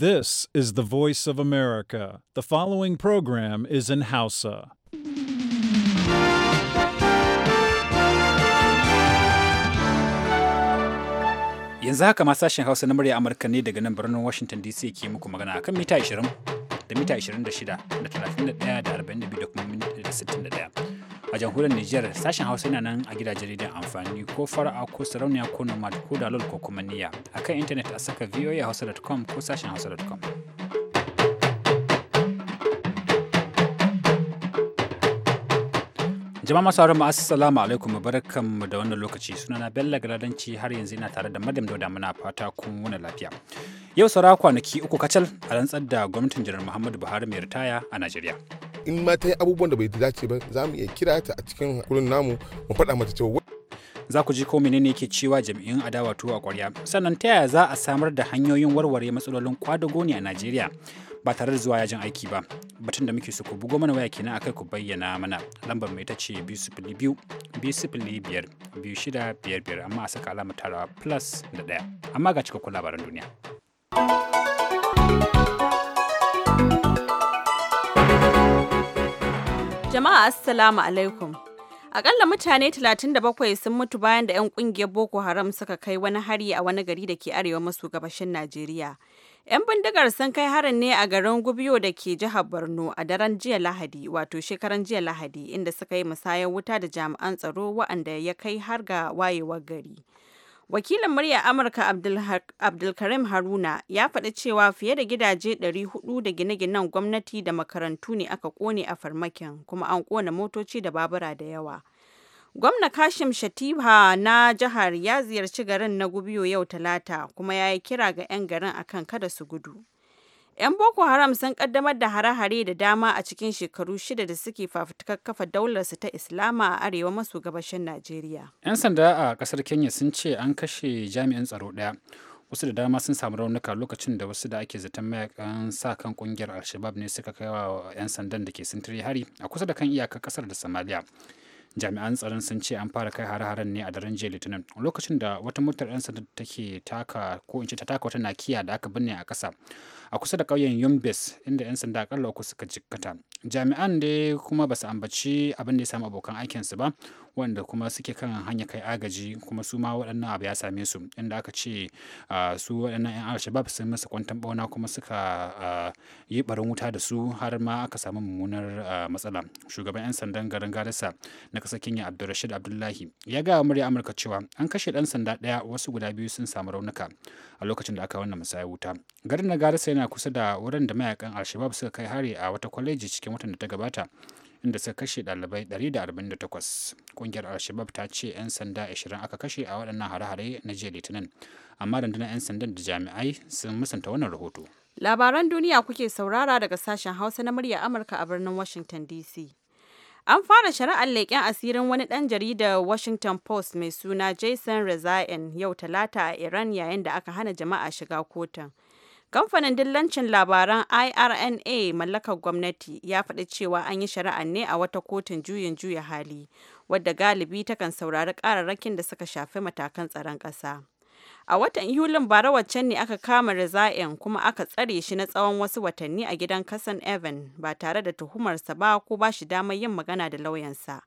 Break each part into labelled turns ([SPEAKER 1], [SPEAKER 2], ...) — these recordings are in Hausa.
[SPEAKER 1] This is the voice of America. The following program is in Hausa. Yanzu haka ma sashen Hausa na murya Amurka ne daga nan birnin Washington DC ke muku magana akan mita 20 da mita 26 da 31 da 42 da kuma 61. a jamhuriyar Nijar sashen Hausa yana nan a gidajen rediyon amfani ko fara'a ko sarauniya ko nomad ko dalol ko kuma niyya kan intanet a saka voahausa.com ko sashen hausa.com. Jama'a masu auren ma'asu salamu alaikum mu da wannan lokaci sunana Bello gradanci har yanzu ina tare da madam Dauda muna fata kun wani lafiya. Yau saura kwanaki uku kacal a rantsar da gwamnatin Janar Muhammadu Buhari mai ritaya a Najeriya.
[SPEAKER 2] In ma ta yi abubuwan da bai dace ba za mu iya kira ta a cikin kurin namu mu faɗa mata cewa za ku ji ko menene
[SPEAKER 1] ke cewa jami'in adawa tuwo a kwarya sannan ta yaya za a samar da hanyoyin warware matsalolin kwadago ne a najeriya ba tare da zuwa yajin aiki ba batun da muke so ku bugo mana waya kenan akai ku bayyana mana lambar mai ta ce biyu biyar biyu shida biyar biyar amma a saka alamar tarawa plus da ɗaya amma ga cikakkun labaran duniya.
[SPEAKER 3] Jama'a Assalamu alaikum. Akalla mutane 37 sun mutu bayan da 'yan kungiyar Boko Haram suka kai wani hari a wani gari da ke arewa maso gabashin Najeriya. 'Yan bindigar sun kai harin ne a garin Gubiyo da ke jihar Borno a daren jiya Lahadi, wato shekaran jiya Lahadi, inda suka yi musayar wuta da jami'an tsaro waɗanda ya kai har ga wayewar gari. Wakilin murya Amurka Abdulkarim Haruna ya faɗi cewa fiye da gidaje 400 da gine-ginen gwamnati da makarantu ne aka ƙone a farmakin, kuma an ƙona motoci da babura da yawa. Gwamna Kashim Shatiba na jihar ya ziyarci garin na Gubiyo yau Talata kuma ya yi kira ga 'yan garin akan kada su gudu. 'Yan Boko Haram sun kaddamar da hare-hare da dama a cikin shekaru shida da suke fafutukar kafa daularsu ta Islama a arewa maso gabashin Najeriya.
[SPEAKER 1] 'Yan sanda a kasar Kenya sun ce an kashe jami'in tsaro ɗaya. Wasu da dama sun samu raunuka lokacin da wasu da ake zaton mayakan sa kan kungiyar Alshabab ne suka kai wa 'yan sandan da ke sintiri hari a kusa da kan iyakar kasar da Somalia. jami'an tsaron sun ce an fara kai hare-haren ne a daren jiya litinin lokacin da wata motar 'yan sanda take taka ko in ce ta taka wata nakiya da aka binne a ƙasa a kusa da ƙauyen yumbis inda 'yan sanda akalla uku suka jikkata jami'an dai kuma ba su ambaci abin da ya samu abokan aikinsu ba wanda kuma suke kan hanya kai agaji kuma su ma waɗannan abu ya same su inda aka ce su waɗannan 'yan alshabab sun masa kwantan bauna kuma suka yi barin wuta da su har ma aka samu mummunar matsala shugaban 'yan sandan garin garissa na ƙasar kenya abdulrashid abdullahi ya ga murya amurka cewa an kashe ɗan sanda daya wasu guda biyu sun samu raunuka a lokacin da aka wannan musayar wuta garin na garissa yana kusa da wurin da mayakan alshabab suka kai hari a wata kwaleji cikin watan da ta gabata inda suka kashe dalibai 148 ƙungiyar al-shabab ta ce 'yan sanda 20 aka kashe a waɗannan hare-hare na jiya litinin amma rundunar 'yan sandan da jami'ai sun musanta wannan rahoto
[SPEAKER 3] labaran duniya kuke saurara daga sashen hausa na murya amurka a birnin washington dc An fara shari'ar leƙen asirin wani ɗan jarida Washington Post mai suna Jason Rezaian yau talata a Iran yayin da aka hana jama'a shiga kotun. Kamfanin dillancin labaran IRNA mallakar gwamnati ya faɗi cewa an yi shari'anne ne a wata kotun juyin juya hali, wadda galibi takan saurari ƙararrakin da suka shafi matakan tsaron ƙasa. A watan Yulin bara waccan ne aka kama Rezaian kuma aka tsare shi na tsawon wasu watanni a gidan kasan Evan ba tare da tuhumarsa ba ko ba shi damar yin magana da lauyansa.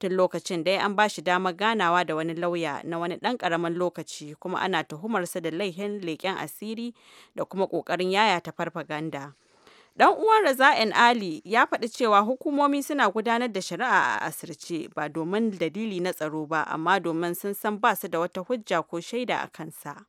[SPEAKER 3] tun lokacin dai an ba shi damar ganawa da wani lauya na wani ɗan ƙaramin lokaci kuma ana tuhumarsa da laihin leƙen asiri da kuma ƙoƙarin ta farfaganda. Dan uwan Raza'in Ali ya faɗi cewa hukumomi suna gudanar da shari'a a asirce ba domin dalili na tsaro ba amma domin sun san ba su da wata hujja ko shaida a kansa.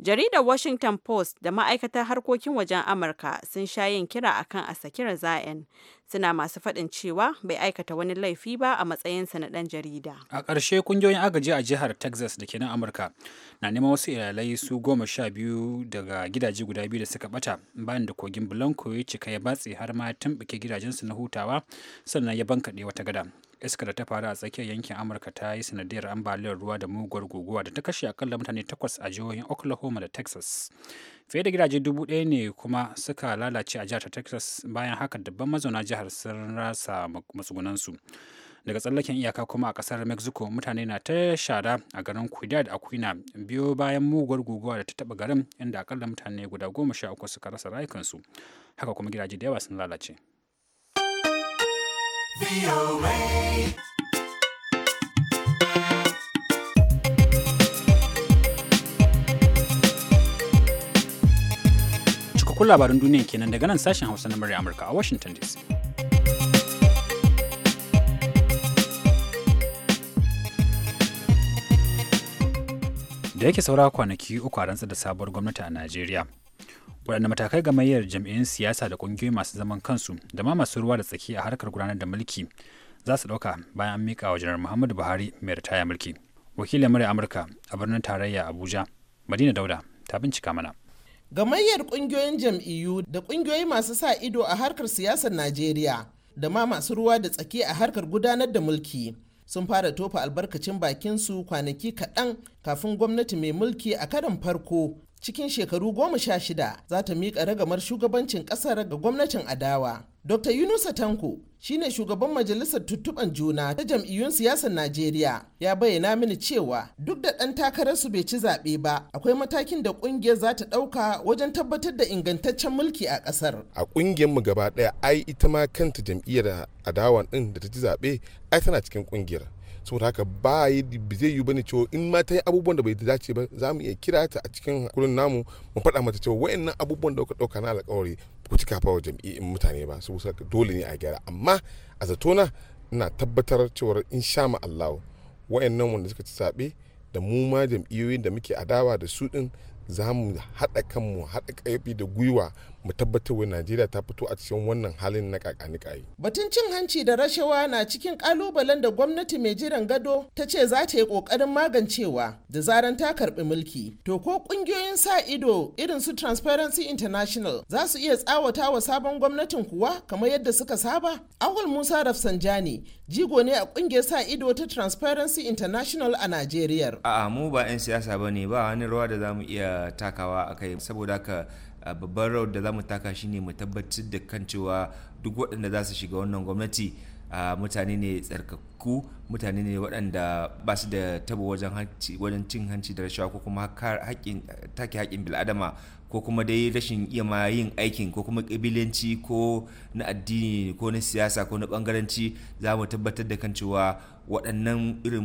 [SPEAKER 3] Jaridar Washington Post da ma'aikatar harkokin wajen Amurka sun sha yin kira akan a saki Zaen, suna masu faɗin cewa bai aikata wani laifi ba a matsayin matsayinsa na ɗan jarida.
[SPEAKER 1] A ƙarshe kungiyoyin agaji a jihar Texas da ke nan Amurka na neman wasu iyalai su goma sha biyu daga gidaje guda biyu da suka ɓata bayan da kogin Blanco ya cika ya batse har ma ya tumɓuke gidajensu na hutawa sannan ya bankaɗe wata gada. iska da ta faru a tsakiyar yankin amurka ta yi sanadiyar ambaliyar ruwa da muguwar guguwa da ta kashe akalla mutane takwas a jihohin oklahoma da texas fiye da gidaje dubu ɗaya ne kuma suka lalace a jihar texas bayan haka dabban mazauna jihar sun rasa matsugunansu daga tsallaken iyaka kuma a kasar mexico mutane na ta shara a garin cuidad a kuna biyo bayan muguwar guguwa da ta taba garin inda akalla mutane guda goma sha uku suka rasa rayukansu haka kuma gidaje da yawa sun lalace Cikakkun labarin duniya kenan daga nan sashen Hausa na murya Amurka a Washington DC. da yake saura kwanaki uku a rantsar da sabuwar gwamnati a Najeriya. waɗanne matakai gamayyar jam'iyyun siyasa da ƙungiyoyi masu zaman kansu da ma masu ruwa da tsaki a harkar gudanar da mulki za su ɗauka bayan an miƙa wa janar muhammadu buhari mai ritaya mulki wakilin murya amurka a birnin tarayya abuja madina dauda ta bincika mana
[SPEAKER 2] gamayyar ƙungiyoyin jam'iyyu da ƙungiyoyi masu sa ido a harkar siyasar najeriya da ma masu ruwa da tsaki a harkar gudanar da mulki sun fara tofa albarkacin bakinsu kwanaki kaɗan kafin gwamnati mai mulki a karon farko cikin shekaru goma sha shida za ta miƙa ragamar shugabancin ƙasar ga gwamnatin adawa. Dr. Yunusa Tanko shine shugaban majalisar tuttuban juna ta jam'iyyun siyasar Najeriya ya bayyana mini cewa duk da ɗan takararsu bai ci zaɓe ba akwai matakin da ƙungiyar za ta ɗauka wajen tabbatar da ingantaccen mulki a ƙasar. A ƙungiyarmu gaba ɗaya ai ita ma kanta jam'iyyar adawa ɗin da ta ci zaɓe ai tana cikin ƙungiyar saboda haka ba yi zai yi bane cewa in ma ta yi abubuwan da bai dace ba za mu iya kira ta a cikin kurin namu mu faɗa mata cewa nan abubuwan da ɗauka na alƙawari ku cika fa wa mutane ba saboda dole ne a gyara amma a zatona ina tabbatar cewa in sha ma wa'in nan wanda suka ci zaɓe da mu ma jam'iyyoyin da muke adawa da su ɗin za mu haɗa kanmu haɗa ƙarfi da gwiwa mu tabbatar wa najeriya ta fito a cikin wannan halin na kayi. batun cin hanci da rashawa na cikin kalubalen da gwamnati mai jiran gado ta ce za ta yi kokarin magancewa da zaran ta karbi mulki to ko kungiyoyin sa ido irin su transparency international za su iya tsawata wa sabon gwamnatin kuwa kamar yadda suka saba awal musa rafsanjani jigo ne a kungiyar sa ido ta transparency international a nigeria.
[SPEAKER 4] a'a mu ba 'yan siyasa ba ba wani rawa da zamu iya takawa a kai saboda ka. babban rawar da za mu taka shine mu tabbatar da kan cewa duk waɗanda za su shiga wannan gwamnati mutane ne tsarkakku mutane ne waɗanda ba su da tabo wajen cin hanci da rashawa ko kuma take haƙƙin bil'adama ko kuma dai rashin iya ma yin aikin ko kuma kabilanci ko na addini ko na siyasa ko na bangaranci za mu tabbatar da kan cewa waɗannan irin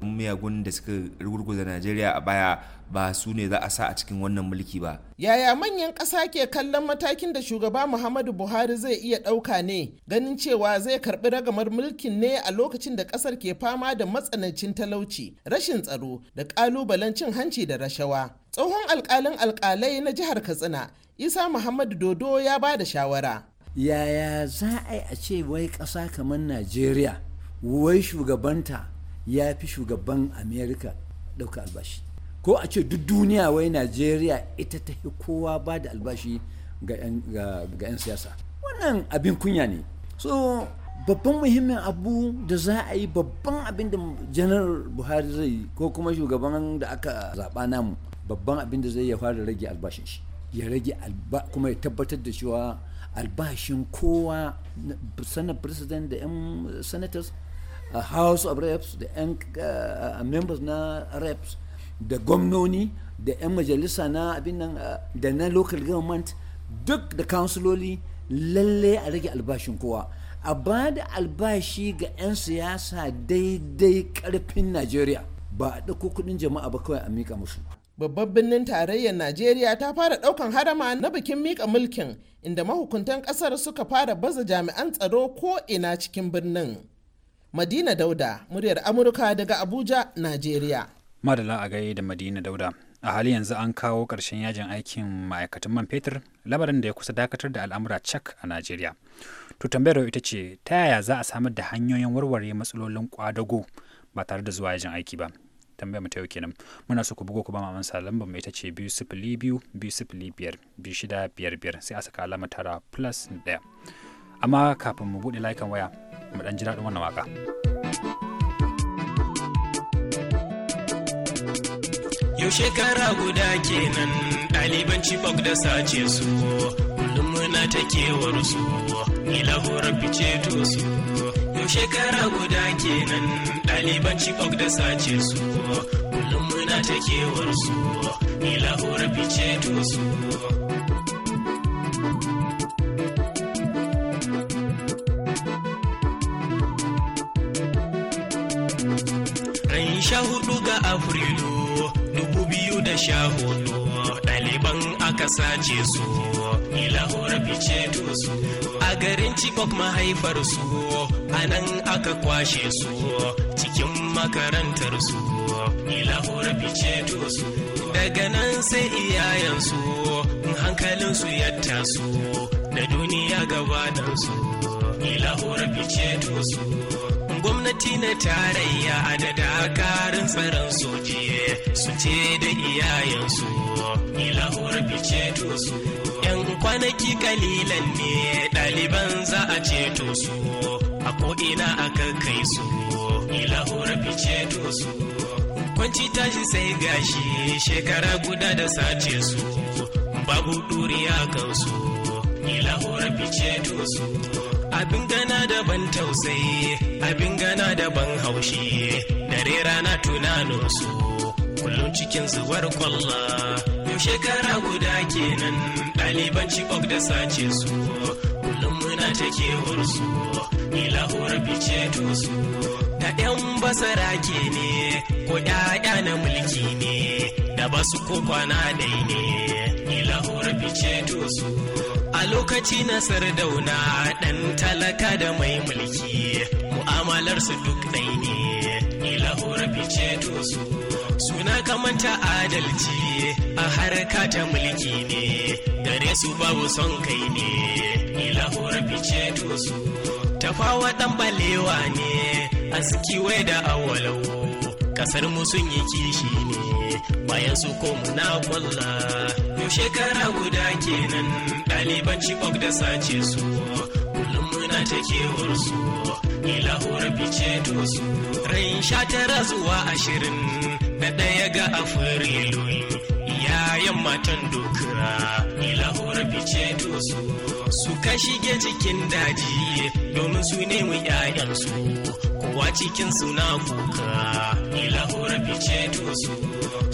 [SPEAKER 4] miyagun da suka rugurguza najeriya a baya ba su ne za a sa a cikin wannan mulki ba
[SPEAKER 2] yaya manyan ƙasa ke kallon matakin da shugaba muhammadu buhari zai iya ɗauka ne ganin cewa zai karɓi ragamar mulkin ne a lokacin da ƙasar ke fama da matsanancin talauci rashin tsaro da ƙalubalen cin hanci da rashawa tsohon alkalin alkalai na jihar katsina isa muhammadu dodo ya ba da shawara
[SPEAKER 4] yaya za a yi a ce wai ƙasa kamar najeriya wai shugabanta ya fi shugaban amerika ɗauka albashi ko a ce duk duniya wai najeriya ita ta fi kowa ba da albashi ga 'yan siyasa wannan abin kunya ne so babban muhimmin abu da za a yi babban abin da janar buhari zai ko kuma shugaban da aka zaɓa namu babban abin da zai ya fara rage albashin shi ya rage kuma ya
[SPEAKER 1] tabbatar da cewa albashin kowa sana president da 'yan
[SPEAKER 4] senators a house of reps da 'yan members na reps da gwamnoni da 'yan majalisa na abin nan da na local government duk da kansuloli lalle a rage albashin kowa a ba da albashi
[SPEAKER 2] ga 'yan siyasa daidai karfin najeriya ba a ɗauko kuɗin jama'a ba kawai a mika musu babban birnin tarayyar najeriya ta fara daukan harama na bikin mika mulkin inda mahukuntan kasar suka fara baza jami'an tsaro ko ina cikin birnin madina dauda muryar amurka daga abuja najeriya
[SPEAKER 1] madala a gaye da madina dauda a hali yanzu an kawo ƙarshen yajin aikin ma'aikatan man fetur lamarin da ya kusa dakatar da al'amura cak a najeriya to tambayar ita ce ta yaya za a samar da hanyoyin warware matsalolin kwadago ba tare da zuwa yajin aiki ba tambayar mu ta yau kenan muna so ku bugo ku ba mu amsa lambar mai ita ce biyu sifili biyu biyu sifili biyar biyu shida biyar biyar sai a saka alama tara plus ɗaya amma kafin mu buɗe layukan waya mu ɗan ji daɗin
[SPEAKER 5] wannan waka. Yau shekara guda kenan ɗaliban Chibok da sace su, kullum muna ta kewar su, ni lahorar fice to su. shekara guda kenan ɗaliban cikok da sace su kullum muna ta kewar su ni lahore fice to su ran sha hudu ga afrilu dubu biyu da sha hudu sace su ni lahore bice su a garin chibok mahaifar su a nan aka kwashe su cikin makarantar su ni lahore bice su daga nan sai iyayensu hankalin su ya taso da duniya gaba da su ni lahore bice su gwamnati na tarayya da dakarun tsaron sojiye su ce da iyayensu ilahuwar fice su yan kwanaki kalilan ne ɗaliban za a ceto su a ko'ina aka kai su ilahuwar fice su kwanci tashi sai gashi shekara guda da sace su babu ɗuriya kansu ilahuwar fice su abin gana da ban tausayi abin gana da ban haushi dare rana tunano su kullum cikin zuwar kwalla yau shekara guda kenan ɗaliban cibok da sace su kullum muna ta kewar su ni lahorar bice to su da yan basara ke ne ko ƴaƴa na mulki ne da basu ko kwana dai ne ni lahorar bice to su a lokaci na sardauna ɗan talaka da mai mulki mu'amalarsu duk ɗai ne ilahura fice to su suna kamanta adalci a harka ta mulki ne gare su babu son kai ne ilahura fice to su tafawa ɗan balewa ne a wai da awalau kasar mu sun yi kishi ne bayan su ko na kwalla shekara guda kenan ɗaliban chibok da sace su kullum muna ta kewar su ila horafi ceto su rain sha tara zuwa ashirin da ɗaya ga afirilu yayan matan dokira ila horafi ceto su ka shige cikin daji domin su nemi 'ya'yansu kowa cikin suna kuka ila horafi ceto su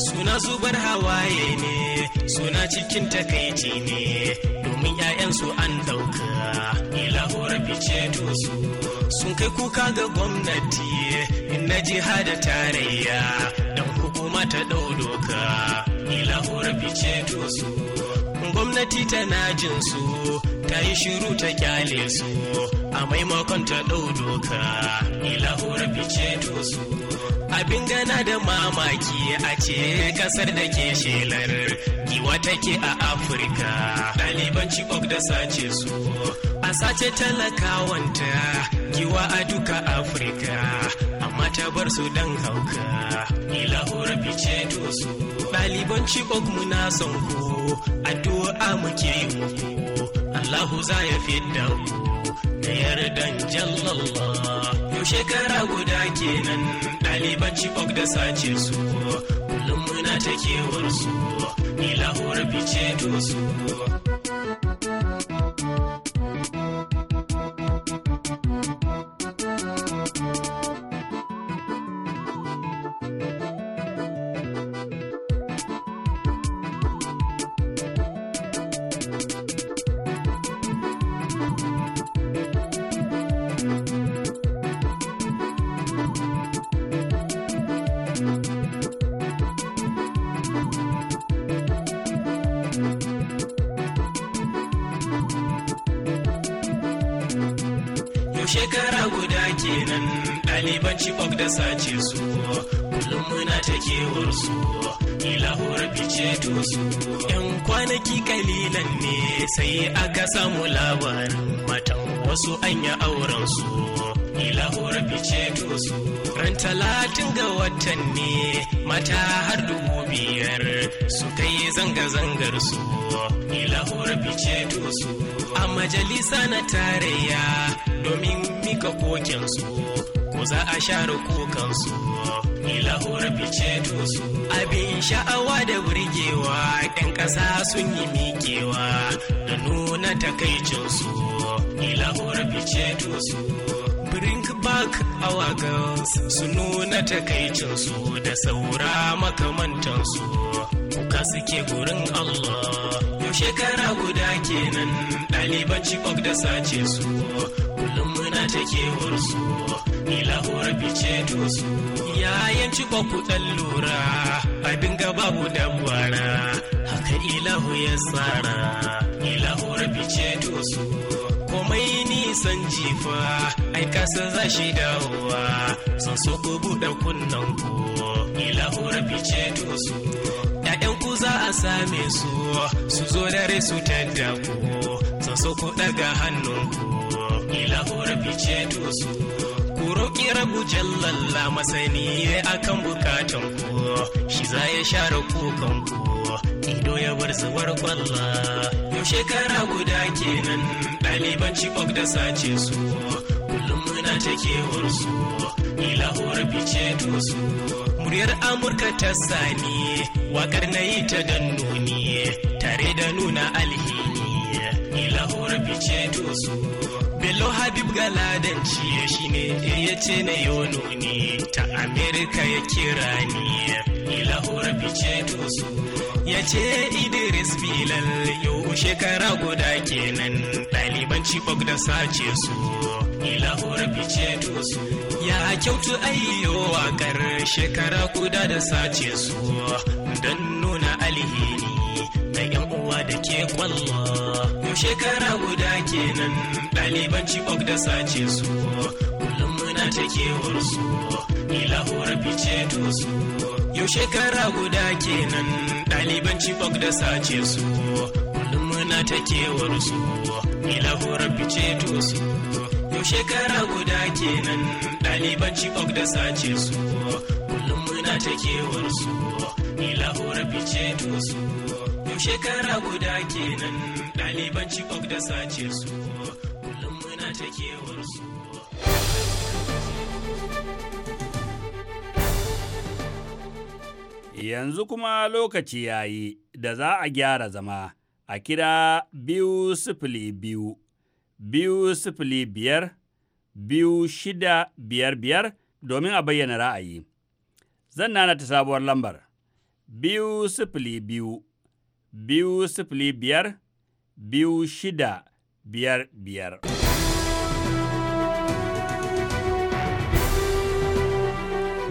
[SPEAKER 5] suna zubar hawaye ne suna cikin takaici ne domin 'ya'yansu an dauka ilahuwar fice su sun kai kuka ga gwamnati in na jiha da tarayya don hukuma ta ɗau doka ilahuwar fice su gwamnati tana jin su ta yi shiru ta kyale su a maimakon ta ɗau doka ilahuwar fice su abin gana da mamaki a ce kasar da ke shelar giwa take a afirka Daliban chibok da sace su a sace talakawanta giwa a duka afirka amma ta bar su don hauka ilahura fice to su ɗaliban chibok muna son ku addu'a muke muku allahu za ya da ku da yardan jallallah shekara guda kenan ɗaliban chibok da sace su kullum muna ta kewar su ni lahore ce to su shekara guda kenan ɗaliban chibok da sace su kullum muna ta kewar su ilahuwar fice to su yan kwanaki kalilan ne sai aka samu labarin matan wasu anya auren su ilahuwar fice to su ran talatin ga watan ne mata har dubu biyar su kai zanga-zangar su ilahuwar fice to su a majalisa na tarayya domin mika kokensu ko za a share kokansu ni lahore fice su abin sha'awa da burgewa 'yan ƙasa sun yi mikewa da nuna takaicinsu ni lahore fice su bring back our girls su nuna takaicinsu da saura makamantansu kuka suke gurin Allah shekara guda kenan ɗaliban kok da sace su kullum muna ta kewar su ni lahore bice to su yayan Chibok ku ɗan lura abin gaba ku dan haka ilahu ya tsara ni lahore bice to su komai nisan jifa ai kasa za shi dawowa san so ku buɗe kunnan ku ni lahore bice to su 'yan ku za a same su su zo dare su ku san so ku daga hannunku ila horafi to su ku roƙi rabu jallalla masani akan bukatan ku shi za ya share kukan ku ido ya bar zuwar kwalla yau shekara guda kenan ɗaliban cikok da sace su kullum muna ta kewar su ila horafi to su muryar amurka ta sani wakar na yi ta don nuni tare da nuna alhini ilahura bice dosu bello habib galadanci ne ya ce na yono ne ta amerika ya kira ni ilahura bice dosu ya ce idris bilal shekara guda kenan ɗaliban cibok da sace su ilahu fice ceto su ya kyautu ayyo wakar shekara guda da sace su don nuna alheri na yan uwa da ke kwallo yau shekara guda kenan ɗaliban cibok da sace su kullum muna ta kewar su ilahu rabi ceto su yau shekara guda kenan ɗaliban cibok da sace su ta kewar su ilahu rabbi to su yau shekara guda kenan ɗaliban chibok da sace su kullum muna ta kewar su ilahu rabbi ceto su yau shekara guda kenan ɗaliban chibok da sace su kullum muna ta kewar su
[SPEAKER 1] Yanzu kuma lokaci ya yi da za a gyara zama. a kira biyu sifili biyu, biyu sifili biyar, biyu shida biyar biyar domin a bayyana ra'ayi. Zan nana ta sabuwar lambar, biyu sifili biyu, biyu sifili biyar, biyu shida biyar biyar.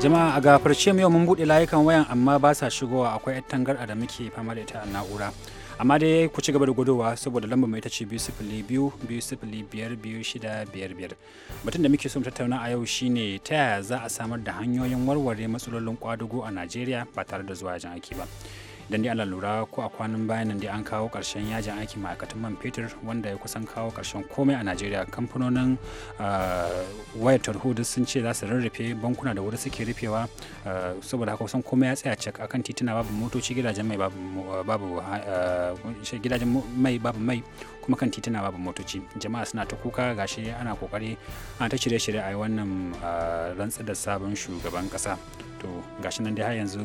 [SPEAKER 1] jama'a a gafarce yau mun buɗe layukan wayan amma ba sa shigowa akwai tangarɗa da muke fama da ita a na'ura amma dai ku ci gaba da gudowa saboda lambar mai ita ce biyu sifili biyu biyu sifili biyar biyu shida biyar biyar batun da muke so mu tattauna a yau shine ta yaya za a samar da hanyoyin warware matsalolin kwadugo a najeriya ba tare da zuwa jan aiki ba dan dai lura ko a kwanan bayan nan dai an kawo karshen yajin aikin ma'aikatan man fetur wanda ya kusan kawo karshen komai a najeriya kamfanonin ah, wayar tarho sun ce za su rarrafe bankuna da wuri suke rufewa ah, saboda haka kusan komai ya tsaya cak akan tituna babu motoci gidajen mai babu ah, gidajen mai babu mai kuma kan tituna babu motoci jama'a suna ta kuka gashi ana kokari ana ta shirye-shirye a wannan rantsar da sabon shugaban kasa to gashi nan dai har yanzu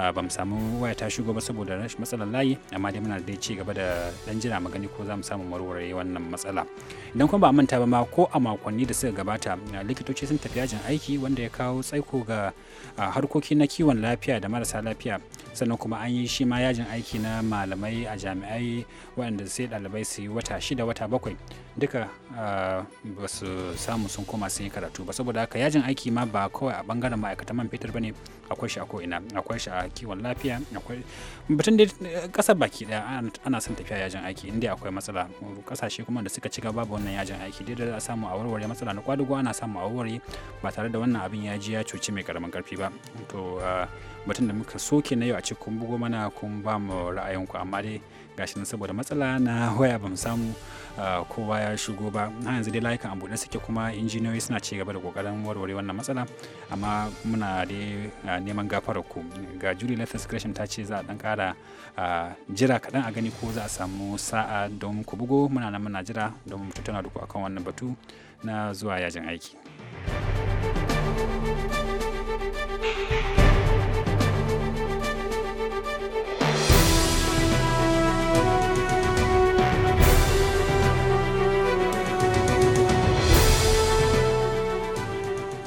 [SPEAKER 1] Ah, ba mu samu waya ta shigo ba saboda matsalar layi amma dai muna dai ci gaba da dan jira mu gani ko za mu samu warware wannan matsala idan kuma ba a manta ba ma ko a makonni da suka gabata likitoci sun tafi yajin aiki wanda ya kawo tsaiko ga a harkoki na kiwon lafiya da marasa lafiya sannan kuma an yi shi ma yajin aiki na malamai a jami'ai waɗanda sai ɗalibai su yi wata shida wata bakwai duka ba su samu sun koma sun yi karatu ba saboda haka yajin aiki ma ba kawai a bangaren ma'aikatan man fetur bane akwai shi a ko'ina akwai shi a kiwon lafiya batun da eh, ƙasar baki ɗaya ana son tafiya yajin aiki inda akwai matsala ƙasashe kuma da suka ci gaba ba wannan yajin aiki dai da samu a warware matsala na kwadugo ana samu a warware ba tare da wannan abin ya ji ya cuci mai karamin karfi korafi ba to eh, batun da muka soke na yau a cikin bugo mana kun ba mu ra'ayinku amma dai gashi nan saboda matsala na waya ba mu samu eh, kowa ya shigo ba na yanzu dai layukan da suke kuma injiniyoyi suna ci gaba da kokarin warware wannan matsala amma muna dai eh, neman gafarar ku ga Julie na Gresham ta ce za a dan kara jira kaɗan a gani ko za a samu sa'a don ku bugo muna nan muna jira don mu tattauna da akan wannan batu na zuwa yajin aiki.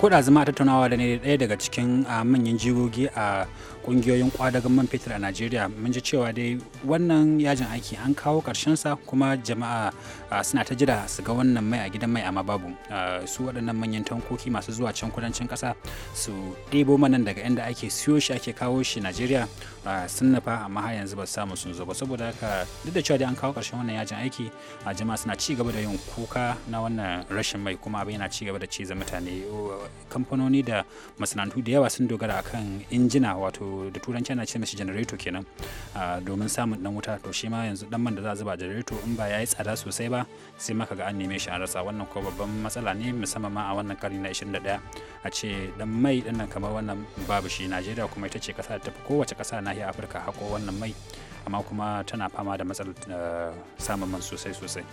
[SPEAKER 1] ko da zama tattaunawa da ne ɗaya daga cikin ah, manyan jigogi a kungiyoyin kwadagan man fetur a najeriya mun ji cewa dai wannan yajin aiki an kawo sa kuma jama'a ah, suna ta jira su ga wannan mai a gidan mai amma babu ah, su waɗannan manyan tankoki masu zuwa can kudancin ƙasa su ɗebo manan daga inda ake siyo shi ake kawo shi najeriya sun nafa amma har yanzu ba samu sun zo ba saboda haka duk da cewa dai an kawo ƙarshen wannan yajin aiki a jama'a suna ci gaba da yin kuka na wannan rashin mai kuma abin yana ci gaba da ciza mutane oh, kamfanoni da masana'antu da yawa sun dogara akan injina wato da turanci ana ce mashi generator kenan domin samun dan wuta to shi ma yanzu dan man da za a zuba generator in ba ya yi tsada sosai ba sai maka ga an neme shi an rasa wannan ko babban matsala ne musamman ma a wannan karni na 21 a ce dan mai dinnan kamar wannan babu shi najeriya kuma ita ce kasa da tafi kowace kasa na hiya afirka hako wannan mai amma kuma tana fama da matsalar eh, samun man sosai sosai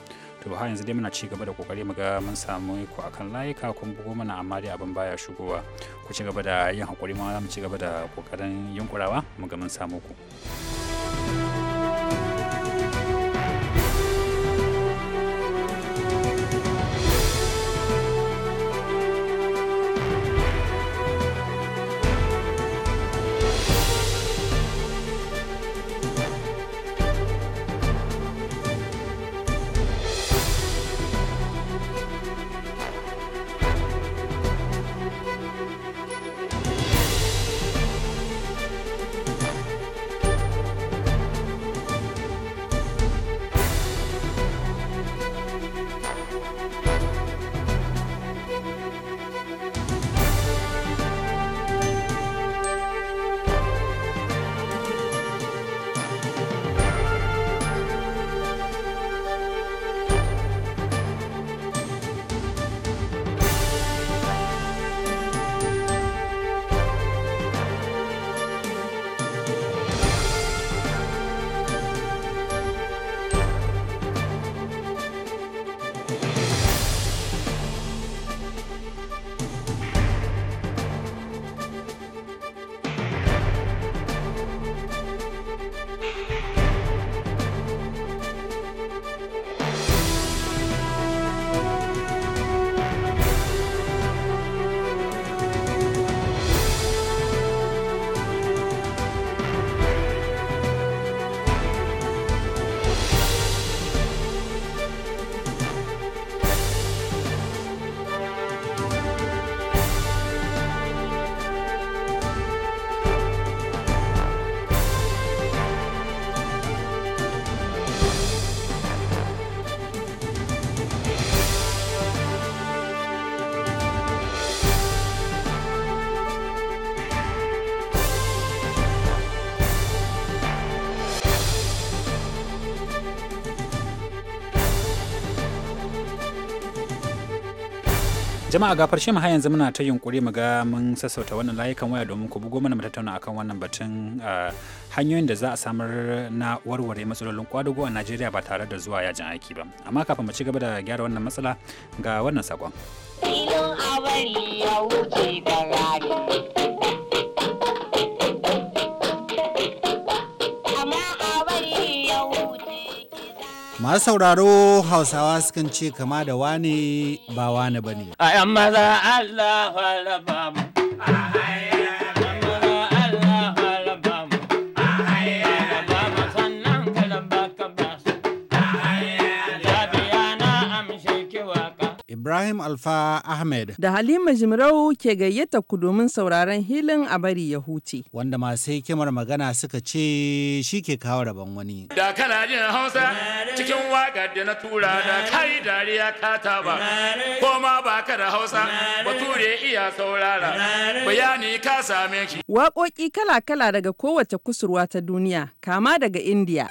[SPEAKER 1] to ha yanzu dai muna ci gaba da kokari mu ga mun samu ku akan layuka kun bugo mana amma dai abin baya shigowa ku ci gaba da yin hakuri ma za mu ci gaba da kokarin yunkurawa mu ga mun samu ku jama'a ga farshe har yanzu muna ta yunkuri mu ga mun sassauta wannan layukan waya domin ku bugo mana mu tattauna akan wannan batun ah, hanyoyin da za a samar na warware matsalolin kwadugo a Najeriya ba tare da zuwa yajin aiki ba amma kafin mu ci gaba da gyara wannan matsala ga wannan sakon
[SPEAKER 3] filin
[SPEAKER 1] masu sauraro hausawa sukan ce kama da wane ba wane ba ne. A
[SPEAKER 5] maza Allah ba mu.
[SPEAKER 4] Ibrahim Alfa Ahmed. Da Halima Jimrau ke gayyata ku domin sauraron hilin a bari ya huce. Wanda masu hikimar magana suka ce shi ke kawo rabon wani.
[SPEAKER 1] Da kana jin Hausa cikin waƙa da na tura da kai dariya ka taba. Ko ma ba ka da Hausa bature iya saurara. Bayani ka same
[SPEAKER 4] shi. Waƙoƙi kala-kala daga kowace kusurwa ta duniya kama daga Indiya.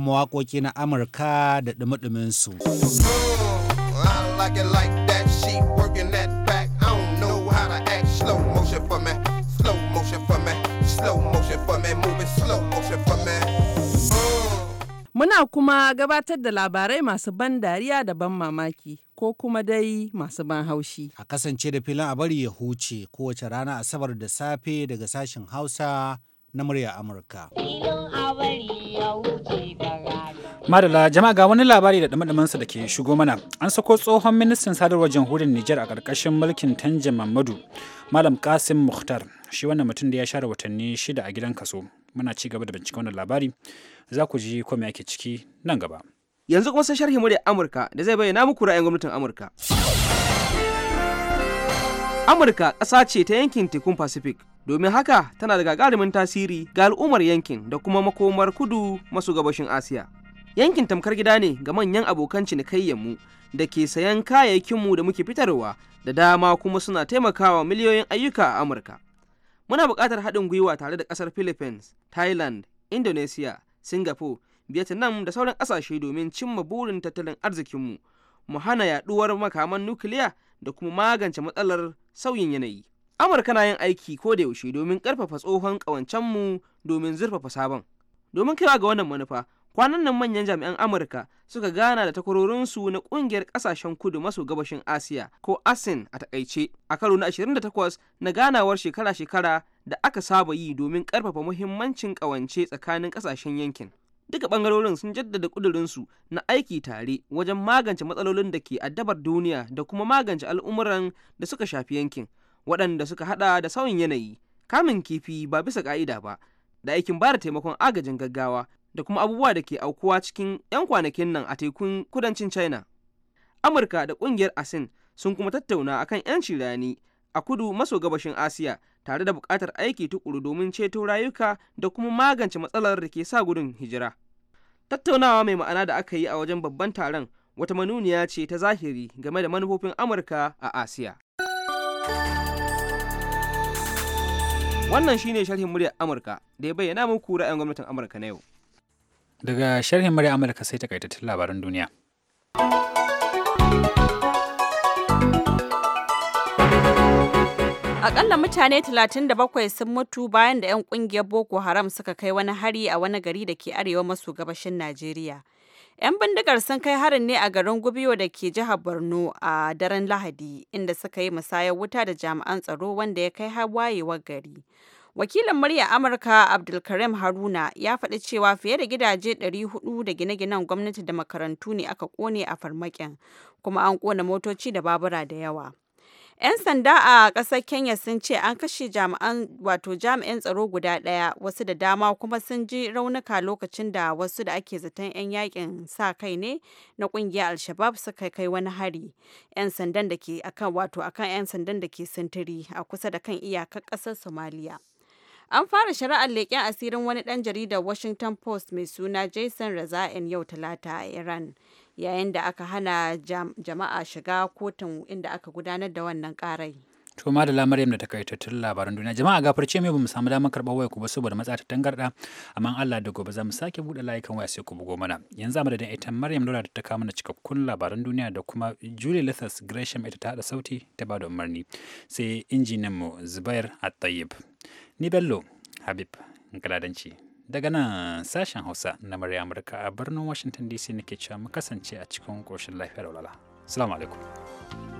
[SPEAKER 1] kuma waƙoƙi na Amurka da ɗumi su. Oh,
[SPEAKER 2] oh.
[SPEAKER 4] Muna kuma gabatar da labarai masu ban dariya da ban mamaki ko kuma dai masu ban haushi. A kasance da
[SPEAKER 1] filin a bari ya
[SPEAKER 4] huce kowace
[SPEAKER 1] rana Asabar da safe daga sashen Hausa na murya Amurka. Madala jama'a ga wani labari da sa da ke shigo mana. An sako tsohon ministan sadarwar jamhuriyar Nijar a ƙarƙashin mulkin Tanja Mamadu, Malam Kasim Mukhtar. Shi wannan mutum da ya share watanni shida a gidan kaso. Muna ci gaba da bincike wannan labari.
[SPEAKER 4] Za ku ji ko me yake ciki nan gaba. Yanzu kuma sai sharhi mu da Amurka da zai bayyana muku ra'ayin gwamnatin Amurka. Amurka ƙasa ce ta yankin tekun Pacific, domin haka tana da gagarumin tasiri ga al'ummar yankin da kuma makomar kudu maso gabashin Asiya. yankin tamkar gida ne ga manyan abokan mu da ke sayan kayayyakinmu da muke fitarwa da dama kuma suna taimakawa miliyoyin ayyuka a amurka muna buƙatar haɗin gwiwa tare da ƙasar philippines thailand indonesia singapore vietnam da sauran ƙasashe domin cimma burin tattalin arzikinmu mu hana yaɗuwar makaman nukiliya da kuma magance matsalar sauyin yanayi amurka na yin aiki ko da yaushe domin ƙarfafa tsohon ƙawancenmu domin zurfafa sabon domin kaiwa ga wannan manufa kwanan nan manyan jami'an amurka suka gana da takwarorinsu na kungiyar kasashen kudu maso gabashin asiya ko asin a e takaice a karo na 28 na ganawar shekara-shekara da aka saba yi domin karfafa muhimmancin kawance tsakanin kasashen yankin duka bangarorin sun jaddada kudurinsu na aiki tare wajen magance matsalolin da ke addabar duniya da kuma magance al'umuran da suka shafi yankin waɗanda suka hada da sauyin yanayi kamin kifi ba bisa ka'ida ba da aikin bada taimakon agajin gaggawa da kuma abubuwa da ke aukuwa cikin 'yan kwanakin nan a tekun kudancin china amurka da ƙungiyar asin sun kuma tattauna akan 'yanci rani a kudu maso gabashin asiya tare da buƙatar aiki tukuru domin ceto rayuka da kuma magance matsalar da ke sa gudun hijira tattaunawa mai ma'ana da aka yi a wajen babban taron wata manuniya ce ta zahiri game da manufofin amurka a asiya wannan shine sharhin muryar amurka da ya bayyana muku ra'ayin gwamnatin amurka na yau
[SPEAKER 1] Daga sharhin murya Amurka sai takaitattun labaran duniya.
[SPEAKER 3] Akalla mutane 37 sun mutu bayan da 'yan ƙungiyar Boko Haram suka kai wani hari a wani gari da ke arewa maso gabashin Najeriya. 'Yan bindigar sun kai harin ne a garin Gubiyo da ke jihar Borno a daren Lahadi, inda suka yi musayar wuta da jami'an tsaro wanda ya kai har wayewar gari. Wakilin murya Amurka Abdulkarim Haruna ya faɗi cewa fiye da gidaje 400 da gine-ginen gwamnati da makarantu ne aka kone a farmakin, kuma an ƙona motoci da babura da yawa. 'Yan sanda a ƙasar Kenya sun ce an kashe jami'an wato jami'an tsaro guda ɗaya wasu da dama kuma sun ji raunuka lokacin da wasu da ake zaton 'yan yakin sa kai ne na ƙungiyar Alshabab suka kai wani hari. 'Yan sandan da ke akan wato akan 'yan sandan da ke sintiri a kusa da kan iyakar ƙasar Somalia. An fara shari'ar leƙen asirin wani ɗan jaridar Washington Post mai suna Jason Rezaian yau Talata a Iran, yayin da aka hana jama'a shiga kotun inda aka gudanar da wannan ƙarai.
[SPEAKER 1] To ma da lamarin da takaitattun labaran duniya. Jama'a gafarce mai bamu samu damar karɓar waya ku ba saboda matsa ta tangarɗa, amma Allah da gobe za mu sake buɗe layukan waya sai ku bugo mana. Yanzu da madadin ita Maryam Lura da ta kawo mana cikakkun labaran duniya da kuma Julie Lathas Gresham ita ta hada sauti ta bada umarni. Sai injinan mu Zubair at Ni Bello Habib Galadanci daga nan sashen Hausa na murya Amurka a birnin Washington DC nake cewa mu kasance a cikin ƙoshin lafiyar walala Assalamu alaikum.